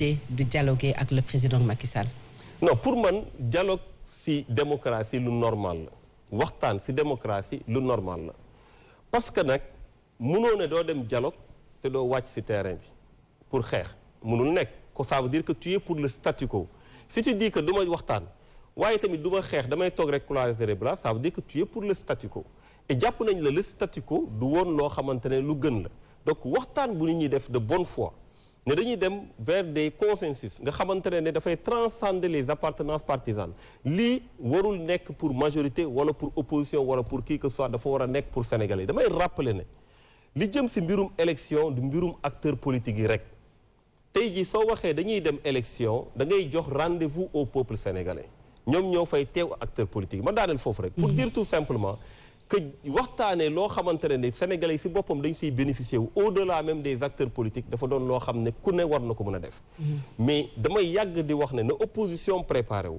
accepter de dialoguer ak le président Macky Sall. pour man dialogue ci démocratie lu normal la waxtaan ci démocratie lu normal la parce que nag mënoo ne doo dem dialogue te doo wàcc ci terrain bi pour xeex mënul nekk ko ça veut dire que tu es pour le statu quo si tu di que du waxtaan waaye tamit du ma xeex damay toog rek croiser les bras ça veut dire que tu pour le statu quo et jàpp nañ la le statu quo du woon loo xamante ne lu gën la donc waxtaan bu nit ñi def de ne dañuy dem vers des consensus nga xamante ne dafay transcender les appartenances partisanes li warul nekk pour majorité wala pour opposition wala pour qui que soit dafa war a nekk pour sénégalais damay rappeler ne li jëm si mbirum élection du mbirum acteur politique yi rek tey jii soo waxee dañuy dem élection da ngay jox rendez-vous au peuple sénégalais ñoom ñoo fay teew acteur politique ma daaneel foofu rek pour mhm. dire tout simplement que waxtaanee loo xamante ne ni sénégalais yi si boppam dañu siy bénéficier wu au-delà même des acteurs politiques dafa doon loo xam ne ku ne war na ko mën a def mm-hmm. mais damay yàgg di wax na ne na opposition préparé wu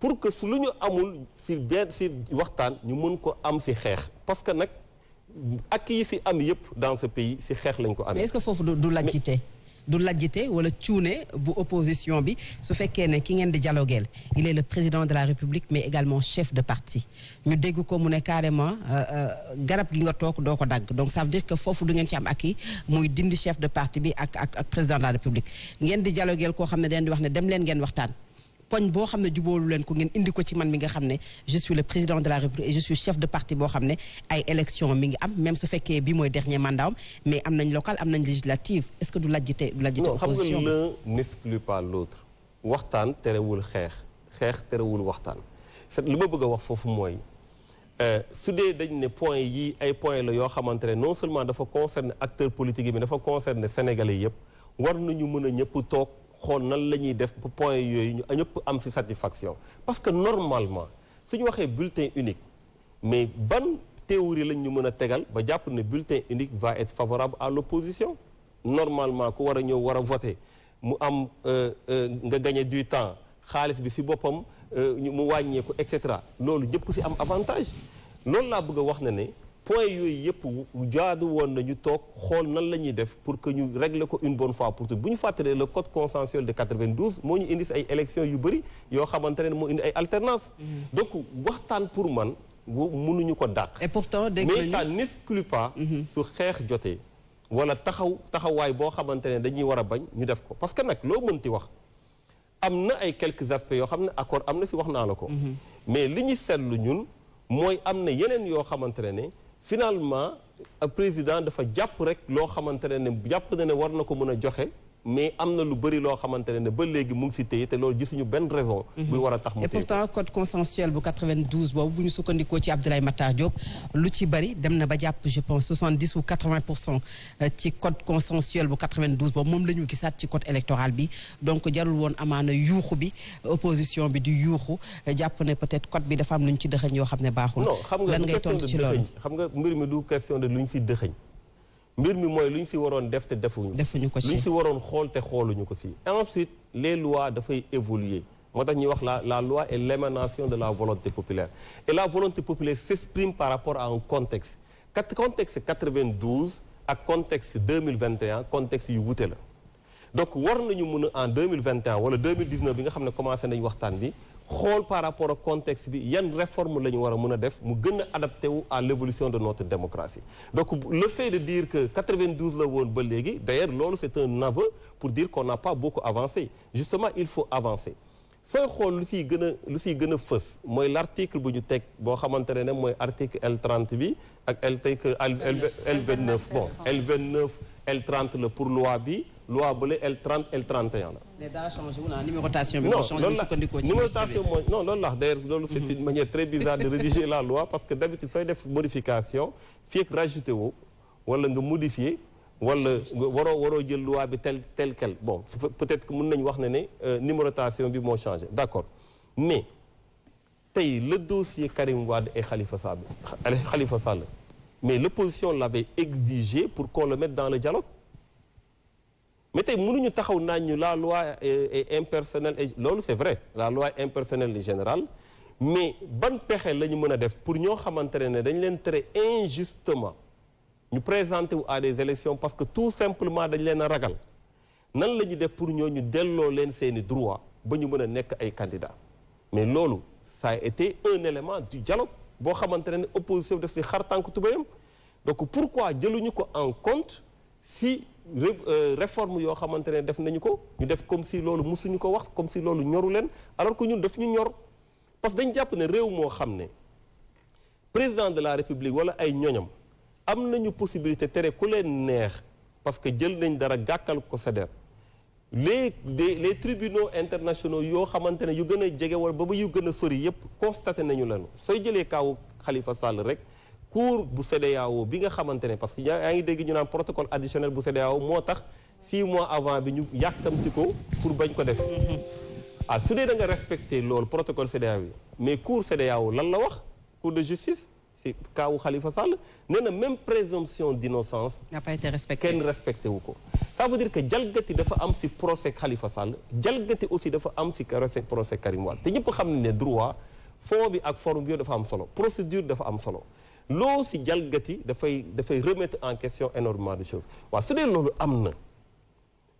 pour que su lu ñu amul si benn si waxtaan ñu mën ko am si xeex parce que nag ak yi fi am yëpp dans ce pays si xeex lañ ko amee mais est-ce que foofu du laajte du lajjite wala cuune bu opposition bi su fekkee ne ki ngeen di dialogueel il est le président de la république mais également chef de parti ñu dégg ko mu ne carrément euh, euh, garab gi nga toog doo ko dagg donc ça veut dire que foofu du ngeen ci am ak i muy dindi chef de parti bi ak ak ak président de la république ngeen di dialogueel koo xam ne dañ di ne dem leen ngeen waxtaan koñ boo xam ne jubóolu leen ko ngeen indi ko ci man mi nga xam ne je le président de la république et je suis chef de parti boo xam ne ay élection mi ngi am même su fekkee bi mooy dernier mandat am mais am nañ local am nañ législative est-ce que du lajjite du lajjite opposition l'un n'exclut pas waxtaan terewul xeex xeex terewul waxtaan c'est li ma bëgg a wax foofu mooy euh, su dee dañ ne point yi ay point la yoo xamante ne non seulement dafa concerner acteur politique yi mais dafa concerner sénégalais yëpp war nañu mën a ñëpp toog xool nan la ñuy def ba point yooyu ñu ñëpp am si satisfaction parce que normalement suñu waxee bulletin unique mais ban théorie lañ ñu mën a tegal ba jàpp ne bulletin unique va et favorable à l'opposition normalement ku war a ñëw war a voter mu am euh, euh, nga gagner du temps xaalis bi si boppam euh, mu wàññeeku et cetera loolu ñëpp si am avantage loolu laa bëgg a wax na ne point yooyu yëpp jaadu woon nañu toog xool nan la ñuy def pour que ñu régler ko une bonne fois pour tout bu ñu fàttalee le code consensuel de 92 moo ñu indi si ay élections yu bëri yoo xamante ne moo indi ay alternance mm. donc waxtaan pour man bu mënuñu ko dàq. et pourtant dégg nañu mais pas. Mm-hmm. su xeex jotee. wala taxaw taxawaay boo xamante ne dañuy war a bañ ñu def ko parce que nag loo mënti wax am na ay quelques aspects yoo xam ne accord am na si wax naa la ko. Mm-hmm. mais li ñu seetlu ñun mooy am na yeneen yoo xamante ne. finalement président dafa jàpp rek loo xamante ne jàpp na ne war na ko mën a joxe mais am na lu bëri loo xamante ne ba léegi mu ngi fi téye te loolu gisuñu benn raison. Mhm. buy war a tax mu téye et pourtant code consensuel bu 92 boobu bu ñu sukkandikoo ci Abdoulaye Matar Diop lu ci bëri dem na ba jàpp je pense 70 ou 80 pour cent euh, ci code consensuel bu 92 boobu moom la ñu gisaat ci code électoral bi donc jarul woon amaana yuuxu bi opposition bi di yuuxu jàpp ne peut-être code bi dafa am lu ci dëxëñ yoo xam ne baaxul. lan ngay tontu ci loolu non xam nga xam nga mbir mi du question de lu ñu si dëxëñ. mbir mi mooy lu ñu fi waroon def te defuñu. ko si lu ñu si waroon xool te xooluñu ko si. ensuite les loi dafay évoluer moo tax ñuy wax la la loi est l'émanation de la volonté populaire et la volonté populaire s'exprime par rapport à un contexte quatre contexte 92 ak contexte 2021 contexte yu wute la donc war nañu mën a en 2021 wala 2019 bi nga xam ne commencé nañ waxtaan bi. xool par rapport ak contexte bi yan réforme la ñu war a mën a def mu gën a wu à l' évolution de notre démocratie donc le fait de dire que 92 la woon ba léegi d' loolu c' est un aveu pour dire qu'on n'a pas beaucoup avancé justement il faut avancer sooy xool lu fiy gën a lu fiy gën a fës mooy l' article bu ñu teg boo xamante ne ne mooy article l bi ak L L29 bon L29 L30 la pour loi bi loi bële L30 L31 la. bi. non loolu la numérotation mooy non loolu la d'ailleurs loolu c' est une manière wala nga waroo waroo jël loi bi tel tel quel bon peut-être que nañu wax ne ne euh, numérotation bi moo changé d' accord mais tey le dossier Karim Wade et Khalifa ay xalifa Sall mais l' opposition l' avait exigé pour qu'on le mette dans le dialogue mais tey mënuñu taxaw naa ñu la loi est impersonnelle loolu c'est vrai la loi est impersonnelle et générale mais ban pexe la ñu mën a def pour ñoo xamante ne dañ leen tere injustement ñu présenter wu à des élections parce que tout simplement dañ leen a ragal nan la ñuy def pour ñu delloo leen seeni droit ba ñu mën a nekk ay candidats mais loolu ça a été un élément du dialogue boo xamante ne opposition bi daf si xar tànk tubéyam donc pourquoi jëluñu ko en compte si Euh, réforme yoo xamante ne def nañu ko ñu def comme si loolu musuñu ko wax comme si loolu ñoru leen alors que ñun daf ñu ñor parce que dañ jàpp ne réew moo xam ne président de la république wala ay ñoñam am nañu possibilité tere ku leen neex parce que jël nañ dara gàkkal ko sa der les les tribunaux internationaux yoo xamante ne yu gën a jege wala ba ba yu gën a sori yépp constaté nañu leen sooy jëlee kaawu Khalifa Sall rek cour bu CEDEAO bi nga xamante ne parce que yaa ngi dégg ñu naan protocole additionnel bu CEDEAO moo tax si mois avant bi ñu yàkkamti ko pour bañ ko def mm-hmm. ah su dee da nga respecté loolu protocole CEDEAO bi mais cour CEDEAO lan la wax cour de justice si kaawu xalifa Sall nee na même présomption d'innocence n'a pas été respecté kenn respecté wu ko ça veut dire que jalgati dafa am si procès Khalifa Sall jalgati aussi dafa am si procès Karim Wade te ñëpp xam ne droit fond bi ak forme bi dafa am solo procédure dafa am solo loo si jalgati dafay dafay remettre en question énormément de choses waaw su dee loolu am na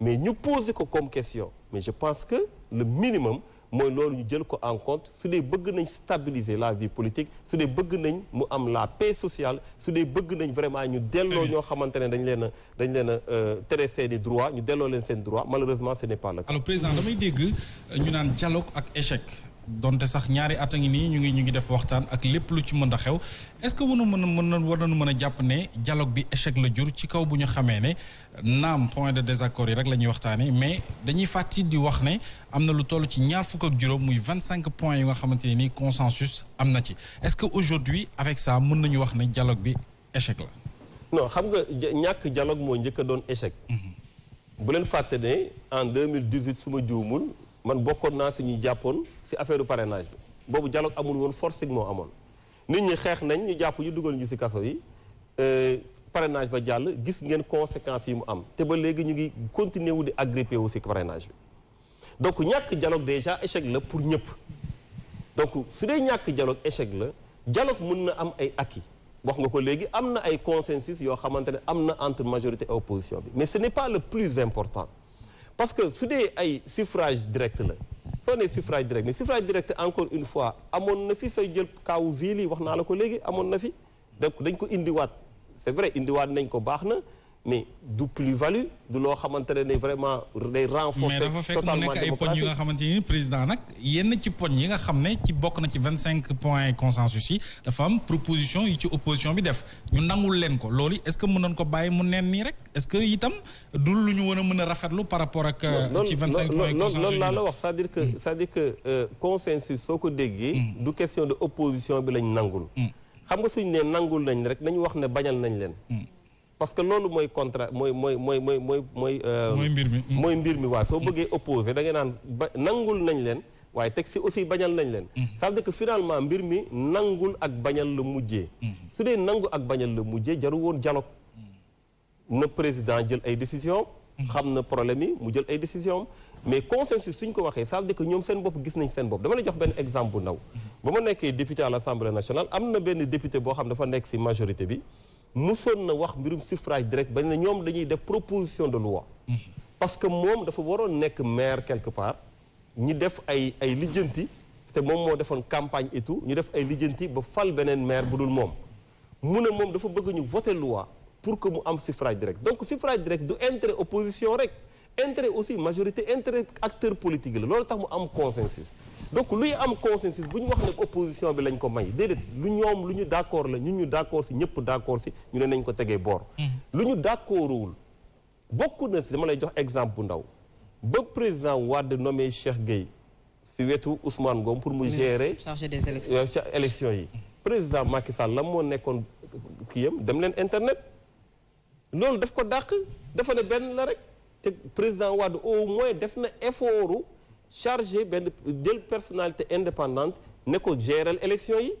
mais ñu poser ko comme question mais je pense que le minimum mooy loolu ñu jël ko en compte su dee bëgg nañ stabiliser la vie politique su dee bëgg nañ mu am la paix sociale su dee bëgg nañ vraiment ñu delloo ñoo xamante ne dañ leen a leen a euh, tere seeni droit ñu delloo leen seen droit malheureusement ce n'est pas le cas. alors président damay dégg ñu naan dialogue ak échec donte sax ñaari at a ngi nii ñu ngi ñu ngi def waxtaan ak lépp lu ci mën a xew est-ce que wanu mën a mën na war nañu mën a jàpp ne dialogue bi échec la jur ci kaw bu ñu xamee ne naam point de désaccord yi rek la ñuy waxtaanee mais dañuy fàtti di wax ne am na lu toll ci ñaar fukk ak juróom muy vingt-cinq points yu nga xamante ne nii consensus am na ci est-ce que aujourd'hui avec sa mën nañu wax ne dialogue bi échec la. non xam nga ñàkk jalog moo njëkk a doon échec. Mhm. bu leen fàtte ne en mille dix-huit su ma man bokkoon naa si ñu jàppoon si affaire parrainage bi boobu dialogue amul woon force moo amoon nit ñi xeex nañ ñu jàpp ñu dugal ñu si kaso yi euh, parenage ba jàll gis ngeen conséquences yi mu am te ba léegi ñu ngi continuer wu di agrippé wu si parrainage bi donc ñàkk dialogue déjà échec la pour ñëpp donc su dee ñàkk dialogue échec la jaloog mën na am ay acquis wax nga ko léegi am na ay consensus yoo xamante ne am na entre majorité et opposition bi mais ce n'est pas le plus important parce que su dee ay suffrage direct la soo nee suffrage direct mais suffrage direct encore une fois amoon na fi sooy jël kaawu ville yi wax naa la ko léegi amoon na fi donc dañ ko indiwaat c'est vrai indiwaat nañ ko baax na mais du plus-value du loo xamante ne vraiment day renforcer. totalement démocratique mais dafa fekk mu nekk ay poñ yi nga xamante ni président nag yenn ci poñ yi nga xam ne ci bokk na ci vingt cinq points consensus yi dafa am proposition yi ci opposition bi def ñu nangul leen ko loolu est-ce que mënoon ko bàyyi mu neen nii rek est-ce que itam du lu ñu war a mën a rafetlu par rapport ak. ci vingt cinq points yi la wax cest dire que mm. cest que euh, consensus soo ko déggee. Mm. du question de opposition bi lañ nangul. Mm. xam nga suñu nee nangul nañ rek nañu wax ne bañal nañ leen. parce que loolu mooy contrat mooy mooy mooy mooy mooy euh, mooy. mbir mi mooy mbir mi waaw soo bëggee opposé da naan ba nangul nañ leen waaye teg si aussi bañal nañ leen. Mm-hmm. ça veut dire que finalement mbir mi nangul ak bañal la mujjee. Mm-hmm. su dee nangu ak bañal la mujjee jaru woon dialogue. Mm-hmm. na président jël ay décision xam na problème yi mu jël ay décision mais consensus suñ ko waxee ça veut dire que ñoom seen bopp gis nañ seen bopp dama lay jox benn exemple bu ndaw. ba ma nekkee député à l' assemblée nationale am na benn député boo xam dafa nekk si majorité bi. mësoon na wax mbirum suffrage direct bañ ne ñoom dañuy def proposition de loi parce que moom dafa waroon nekk maire quelque part ñi def ay ay lijjanti te moom moo defoon campagne et ñu def ay lijjanti ba fal beneen maire bu dul moom mu ne moom dafa bëgg ñu voter loi pour que mu am suffrage direct donc suffrage direct du intérêt opposition rek intérêt aussi majorité intérêt acteur politique la loolu tax mu am consensus donc luy am consensus bu ñu wax ne opposition bi lañ ko may déedéet lu ñoom lu ñu d'accord la ñun ñu d'accord si ñëpp d'accord si ñu ne nañ ko tegee boor mm-hmm. lu ñu d'accordul bokk na si dama lay jox exemple bu ndaw ba président Wade nommé Cheikh Gueye si wetu Ousmane Ngom pour mu gérer chargé des élections euh, élections yi président Macky Sall la moo nekkoon kiyam dem leen internet loolu daf ko dàq dafa ne benn la te président Wade au moins def na effortu chargé benn jël personnalité indépendant ne ko géral élection yi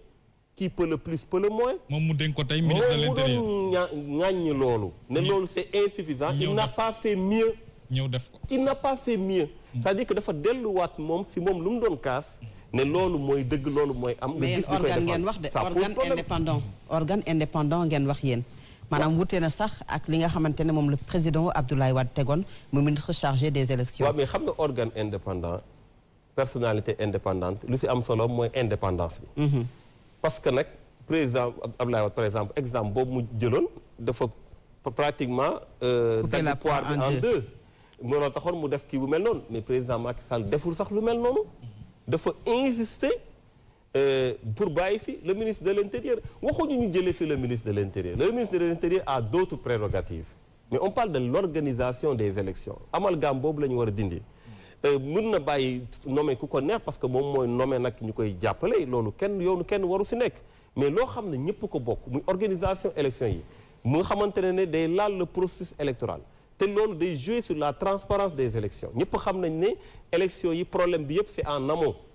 kii peut le plus peut le moom mu dénk ko tey ministre de l'intérieur moom mu doon loolu. ne loolu c'est insuffisant. il n'a pas fait mieux. ñëw def ko n'a pas fait mieux. Mm. cest dire que dafa delluwaat moom si moom lu mu doon kaas. ne loolu mooy dëgg loolu mooy am. mais organe ngeen wax de organe indépendant organe indépendant ngeen wax yéen. maanaam wutee na sax ak li nga xamante ne moom le président Abdoulaye Wade tegoon mu ministre chargé des élections waaw mais xam nga organe indépendant personnalité indépendante lu si am solo mooy indépendance bi mhm. parce que nag président Abdoulaye Wade par exemple exemple boobu mu jëloon dafa pratiquement euh, dagg poire bi en deux looloo taxoon mu def kii bu mel noonu mais président Macky Sall deful sax lu mel noonu dafa insister Euh, pour bàyyi fi le ministre de l' intérieur waxuñu ñu jëlee fi le ministre de l' intérieur ministre de l' intérieur a d' autres prérogatives mais on parle de l' organisation des élections amalgame boobu la ñu war a dindi euh, mun na bàyyi nommé ku ko neex parce que moom mooy nommé nag ñu koy jàppale loolu kenn yoonu kenn waru si nekk mais loo xam ne ñëpp ko bokk muy organisation élection yi mu nga xamante ne ne day laal le processus électoral te loolu day jouer sur la transparence des élections ñëpp xam nañ ne élection yi problème bi yëpp c'est en amont